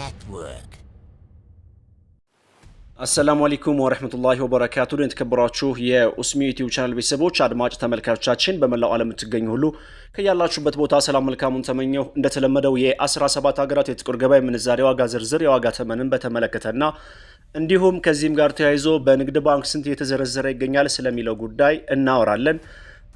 Network. አሰላሙ አለይኩም ወረህመቱላሂ ወበረካቱ። የተከበሯችሁ የኡስሚ ዩቲዩብ ቻናል ቤተሰቦች አድማጭ ተመልካቾቻችን በመላው ዓለም የምትገኙ ሁሉ ከያላችሁበት ቦታ ሰላም መልካሙን ተመኘው። እንደተለመደው የ17 ሀገራት የጥቁር ገበያ ምንዛሬ ዋጋ ዝርዝር የዋጋ ተመንን በተመለከተና እንዲሁም ከዚህም ጋር ተያይዞ በንግድ ባንክ ስንት እየተዘረዘረ ይገኛል ስለሚለው ጉዳይ እናወራለን።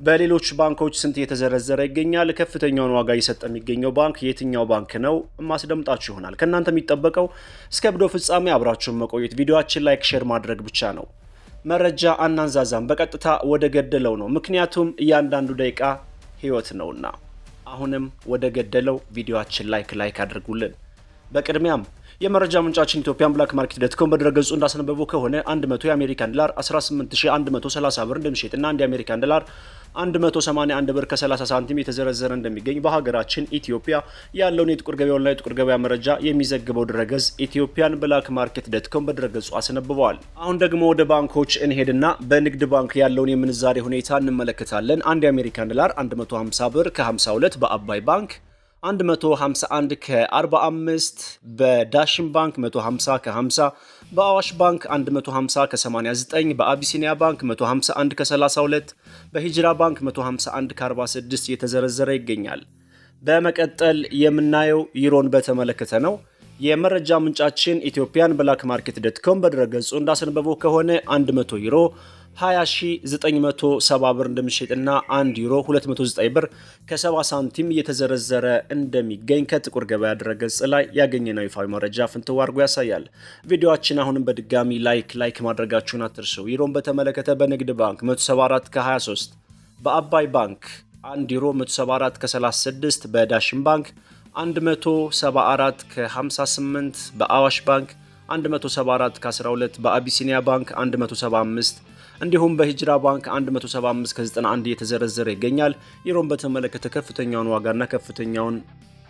በሌሎች ባንኮች ስንት እየተዘረዘረ ይገኛል? ከፍተኛውን ዋጋ እየሰጠ የሚገኘው ባንክ የትኛው ባንክ ነው? ማስደምጣችሁ ይሆናል። ከእናንተ የሚጠበቀው እስከ ብዶ ፍጻሜ አብራችሁን መቆየት፣ ቪዲዮችን ላይክ፣ ሼር ማድረግ ብቻ ነው። መረጃ አናንዛዛም፣ በቀጥታ ወደ ገደለው ነው። ምክንያቱም እያንዳንዱ ደቂቃ ህይወት ነውና፣ አሁንም ወደ ገደለው ቪዲዮችን ላይክ ላይክ አድርጉልን። በቅድሚያም የመረጃ ምንጫችን ኢትዮጵያን ብላክ ማርኬት ዶት በድረገጹ እንዳስነበበው ከሆነ 100 የአሜሪካን ዶላር 18130 ብር እንደሚሸጥና አንድ የአሜሪካን ዶላር 181 ብር ከ30 ሳንቲም የተዘረዘረ እንደሚገኝ በሀገራችን ኢትዮጵያ ያለውን የጥቁር ገበያ ላይ የጥቁር ገበያ መረጃ የሚዘግበው ድረገጽ ኢትዮጵያን ብላክ ማርኬት ደትኮም በድረገጹ አስነብበዋል። አሁን ደግሞ ወደ ባንኮች እንሄድና በንግድ ባንክ ያለውን የምንዛሬ ሁኔታ እንመለከታለን። አንድ የአሜሪካን ዶላር 150 ብር ከ52 በአባይ ባንክ 151 ከ45 በዳሽን ባንክ 150 ከ50 በአዋሽ ባንክ 150 ከ89 በአቢሲኒያ ባንክ 151 ከ32 በሂጅራ ባንክ 151 ከ46 እየተዘረዘረ ይገኛል። በመቀጠል የምናየው ዩሮን በተመለከተ ነው። የመረጃ ምንጫችን ኢትዮጵያን ብላክ ማርኬት ዶት ኮም በድረገጹ እንዳስነበበው ከሆነ 100 ዩሮ 20970 ብር እንደሚሸጥና 1 ዩሮ 209 ብር ከ70 ሳንቲም እየተዘረዘረ እንደሚገኝ ከጥቁር ገበያ ድረገጽ ላይ ያገኘነው ይፋዊ መረጃ ፍንትው አድርጎ ያሳያል። ቪዲዮችን አሁንም በድጋሚ ላይክ ላይክ ማድረጋችሁን አትርሱ። ዩሮን በተመለከተ በንግድ ባንክ 174 ከ23 በአባይ ባንክ 1 ዩሮ 174 ከ36 በዳሽን ባንክ 174 ከ58 በአዋሽ ባንክ 174 ከ12 በአቢሲኒያ ባንክ 175 እንዲሁም በሂጅራ ባንክ 175 ከ91 እየተዘረዘረ ይገኛል። ዩሮን በተመለከተ ከፍተኛውን ዋጋና ከፍተኛውን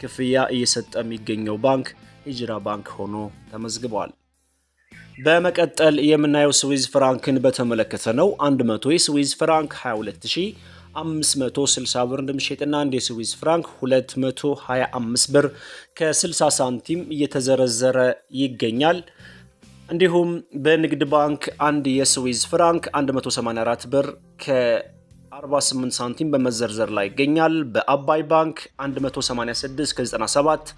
ክፍያ እየሰጠ የሚገኘው ባንክ ሂጅራ ባንክ ሆኖ ተመዝግቧል። በመቀጠል የምናየው ስዊዝ ፍራንክን በተመለከተ ነው። 100 የስዊዝ ፍራንክ 22000 560 ብር እንደሚሸጥና አንድ የስዊስ ፍራንክ 225 ብር ከ60 ሳንቲም እየተዘረዘረ ይገኛል። እንዲሁም በንግድ ባንክ አንድ የስዊዝ ፍራንክ 184 ብር ከ48 ሳንቲም በመዘርዘር ላይ ይገኛል። በአባይ ባንክ 186 ከ97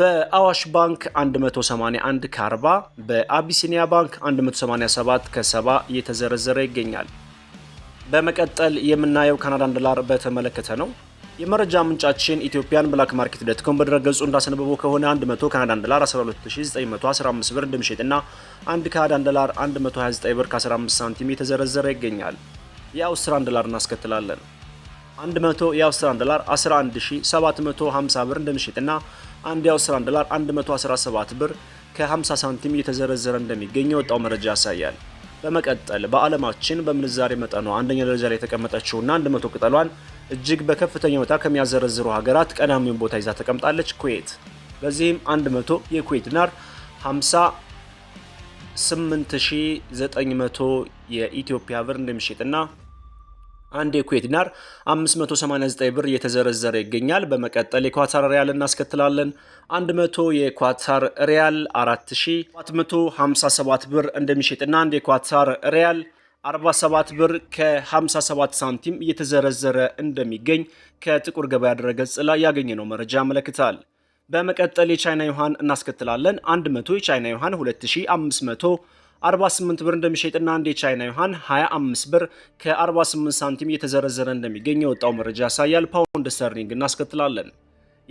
በአዋሽ ባንክ 181 ከ40 በአቢሲኒያ ባንክ 187 ከ70 እየተዘረዘረ ይገኛል። በመቀጠል የምናየው ካናዳን ዶላር በተመለከተ ነው። የመረጃ ምንጫችን ኢትዮጵያን ብላክ ማርኬት ዶት ኮም በድረገጹ እንዳስነበበው ከሆነ 100 ካናዳን ዶላር 12915 ብር እንደሚሸጥና 1 ካናዳን ዶላር 129 ብር ከ15 ሳንቲም የተዘረዘረ ይገኛል። የአውስትራን ዶላር እናስከትላለን። 100 የአውስትራን ዶላር 11750 ብር እንደሚሸጥና አንድ የአውስትራን ዶላር 117 ብር ከ50 ሳንቲም እየተዘረዘረ እንደሚገኝ የወጣው መረጃ ያሳያል። በመቀጠል በዓለማችን በምንዛሬ መጠኗ አንደኛ ደረጃ ላይ የተቀመጠችውና አንድ መቶ ቅጠሏን እጅግ በከፍተኛ ሁኔታ ከሚያዘረዝሩ ሀገራት ቀዳሚውን ቦታ ይዛ ተቀምጣለች ኩዌት። በዚህም 100 የኩዌት ዲናር 58900 የኢትዮጵያ ብር እንደሚሸጥና አንድ የኩዌት ዲናር 589 ብር እየተዘረዘረ ይገኛል። በመቀጠል የኳታር ሪያል እናስከትላለን። 100 የኳታር ሪያል 4457 ብር እንደሚሸጥና አንድ የኳታር ሪያል 47 ብር ከ57 ሳንቲም እየተዘረዘረ እንደሚገኝ ከጥቁር ገበያ ድረገጽ ላይ ያገኘነው መረጃ ያመለክታል። በመቀጠል የቻይና ዩሃን እናስከትላለን። 100 የቻይና ዩሃን 2500 48 ብር እንደሚሸጥና አንድ የቻይና ዩሃን 25 ብር ከ48 ሳንቲም እየተዘረዘረ እንደሚገኝ የወጣው መረጃ ያሳያል። ፓውንድ ስተርሊንግ እናስከትላለን።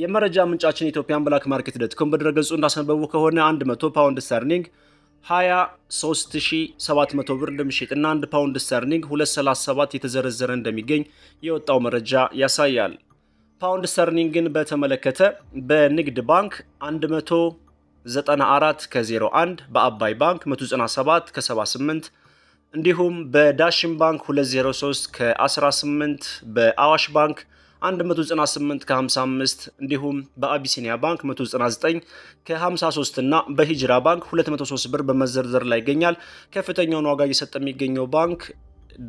የመረጃ ምንጫችን ኢትዮጵያን ብላክ ማርኬት ዶት ኮም በድረገጹ እንዳስነበቡ ከሆነ 100 ፓውንድ ስተርሊንግ 23700 ብር እንደሚሸጥና 1 ፓውንድ ስተርሊንግ 237 የተዘረዘረ እንደሚገኝ የወጣው መረጃ ያሳያል። ፓውንድ ስተርሊንግን በተመለከተ በንግድ ባንክ 100 94 ከ01 በአባይ ባንክ 197 ከ78 እንዲሁም በዳሽን ባንክ 203 ከ18 በአዋሽ ባንክ 198 ከ55 እንዲሁም በአቢሲኒያ ባንክ 199 ከ53 እና በሂጅራ ባንክ 203 ብር በመዘርዘር ላይ ይገኛል። ከፍተኛውን ዋጋ እየሰጠ የሚገኘው ባንክ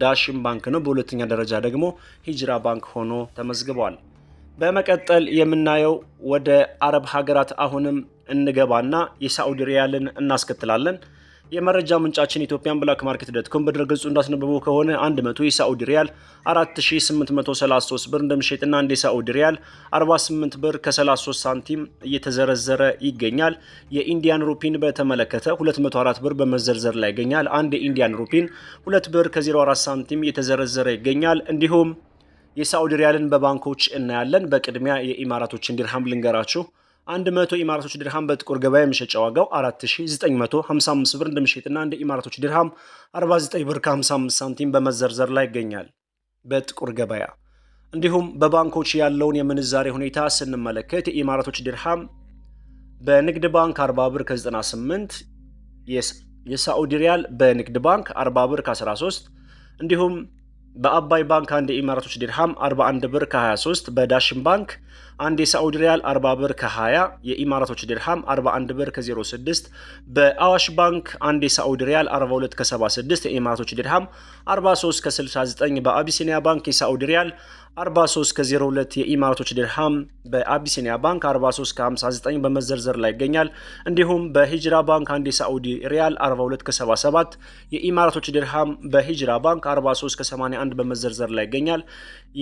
ዳሽን ባንክ ነው። በሁለተኛ ደረጃ ደግሞ ሂጅራ ባንክ ሆኖ ተመዝግቧል። በመቀጠል የምናየው ወደ አረብ ሀገራት አሁንም እንገባና የሳዑዲ ሪያልን እናስከትላለን። የመረጃ ምንጫችን ኢትዮጵያን ብላክ ማርኬት ዶት ኮም በድረገጹ እንዳስነበበው ከሆነ 100 የሳዑዲ ሪያል 4833 ብር እንደሚሸጥና አንድ የሳዑዲ ሪያል 48 ብር ከ33 ሳንቲም እየተዘረዘረ ይገኛል። የኢንዲያን ሩፒን በተመለከተ 204 ብር በመዘርዘር ላይ ይገኛል። አንድ የኢንዲያን ሩፒን 2 ብር ከ04 ሳንቲም እየተዘረዘረ ይገኛል። እንዲሁም የሳዑዲ ሪያልን በባንኮች እናያለን። በቅድሚያ የኢማራቶችን ዲርሃም ልንገራችሁ 100 ኢማራቶች ድርሃም በጥቁር ገበያ የመሸጫ ዋጋው 4955 ብር እንደሚሸጥና እንደ ኢማራቶች ድርሃም 49 ብር ከ55 ሳንቲም በመዘርዘር ላይ ይገኛል በጥቁር ገበያ። እንዲሁም በባንኮች ያለውን የምንዛሬ ሁኔታ ስንመለከት የኢማራቶች ድርሃም በንግድ ባንክ 40 ብር ከ98፣ የሳዑዲ ሪያል በንግድ ባንክ 40 ብር ከ13 እንዲሁም በአባይ ባንክ አንድ የኢማራቶች ድርሃም 41 ብር ከ23 በዳሽን ባንክ አንድ የሳዑዲ ሪያል 40 ብር ከ20፣ የኢማራቶች ድርሃም 41 ብር ከ06፣ በአዋሽ ባንክ አንድ የሳዑዲ ሪያል 42 ከ76፣ የኢማራቶች ድርሃም 43 ከ69፣ በአቢሲኒያ ባንክ የሳዑዲ ሪያል 43 ከ02 የኢማራቶች ድርሃም በአቢሲኒያ ባንክ 43 ከ59 በመዘርዘር ላይ ይገኛል። እንዲሁም በሂጅራ ባንክ አንድ የሳዑዲ ሪያል 42 ከ77 የኢማራቶች ድርሃም በሂጅራ ባንክ 43 ከ81 በመዘርዘር ላይ ይገኛል።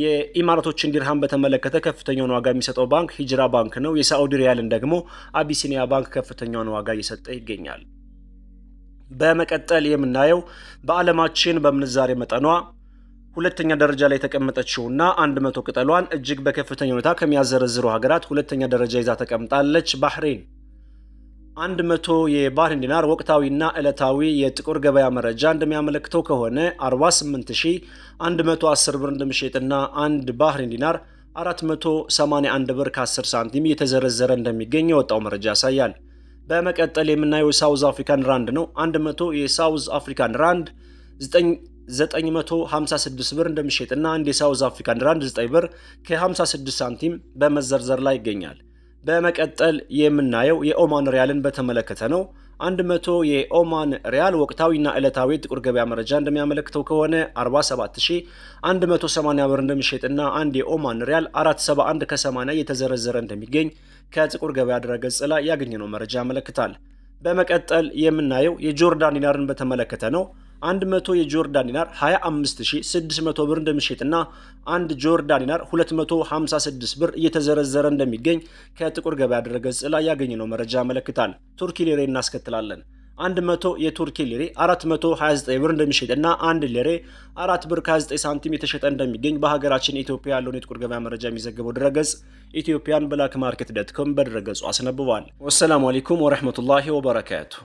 የኢማራቶችን ድርሃም በተመለከተ ከፍተኛውን ዋጋ የሚሰ የሚሰጠው ባንክ ሂጅራ ባንክ ነው። የሳዑዲ ሪያልን ደግሞ አቢሲኒያ ባንክ ከፍተኛውን ዋጋ እየሰጠ ይገኛል። በመቀጠል የምናየው በዓለማችን በምንዛሬ መጠኗ ሁለተኛ ደረጃ ላይ የተቀመጠችውና አንድ መቶ ቅጠሏን እጅግ በከፍተኛ ሁኔታ ከሚያዘረዝሩ ሀገራት ሁለተኛ ደረጃ ይዛ ተቀምጣለች ባህሬን። አንድ መቶ የባህሬን ዲናር ወቅታዊና ዕለታዊ የጥቁር ገበያ መረጃ እንደሚያመለክተው ከሆነ 48110 ብር እንደሚሸጥና አንድ ባህሬን ዲናር 481 ብር ከ10 ሳንቲም እየተዘረዘረ እንደሚገኝ የወጣው መረጃ ያሳያል። በመቀጠል የምናየው የሳውዝ አፍሪካን ራንድ ነው። 100 የሳውዝ አፍሪካን ራንድ 956 ብር እንደሚሸጥና አንድ የሳውዝ አፍሪካን ራንድ 9 ብር ከ56 ሳንቲም በመዘርዘር ላይ ይገኛል። በመቀጠል የምናየው የኦማን ሪያልን በተመለከተ ነው። 100 የኦማን ሪያል ወቅታዊና ዕለታዊ ጥቁር ገበያ መረጃ እንደሚያመለክተው ከሆነ 47180 ብር እንደሚሸጥና አንድ የኦማን ሪያል 471 ከ80 እየተዘረዘረ እንደሚገኝ ከጥቁር ገበያ ድረገጽ ላይ ያገኘነው መረጃ ያመለክታል። በመቀጠል የምናየው የጆርዳን ዲናርን በተመለከተ ነው። 100 የጆርዳን ዲናር 25600 ብር እንደሚሸጥና አንድ ጆርዳን ዲናር 256 ብር እየተዘረዘረ እንደሚገኝ ከጥቁር ገበያ ድረገጽ ላይ ያገኘነው መረጃ ያመለክታል። ቱርኪ ሊሬ እናስከትላለን። 100 የቱርኪ ሊሬ 429 ብር እንደሚሸጥና አንድ ሊሬ 4 ብር ከ29 ሳንቲም የተሸጠ እንደሚገኝ በሀገራችን ኢትዮጵያ ያለውን የጥቁር ገበያ መረጃ የሚዘግበው ድረገጽ ኢትዮጵያን ብላክ ማርኬት ዶት ኮም በድረገጹ አስነብቧል። ወሰላሙ አሌይኩም ወረህመቱላሂ ወበረካቱ።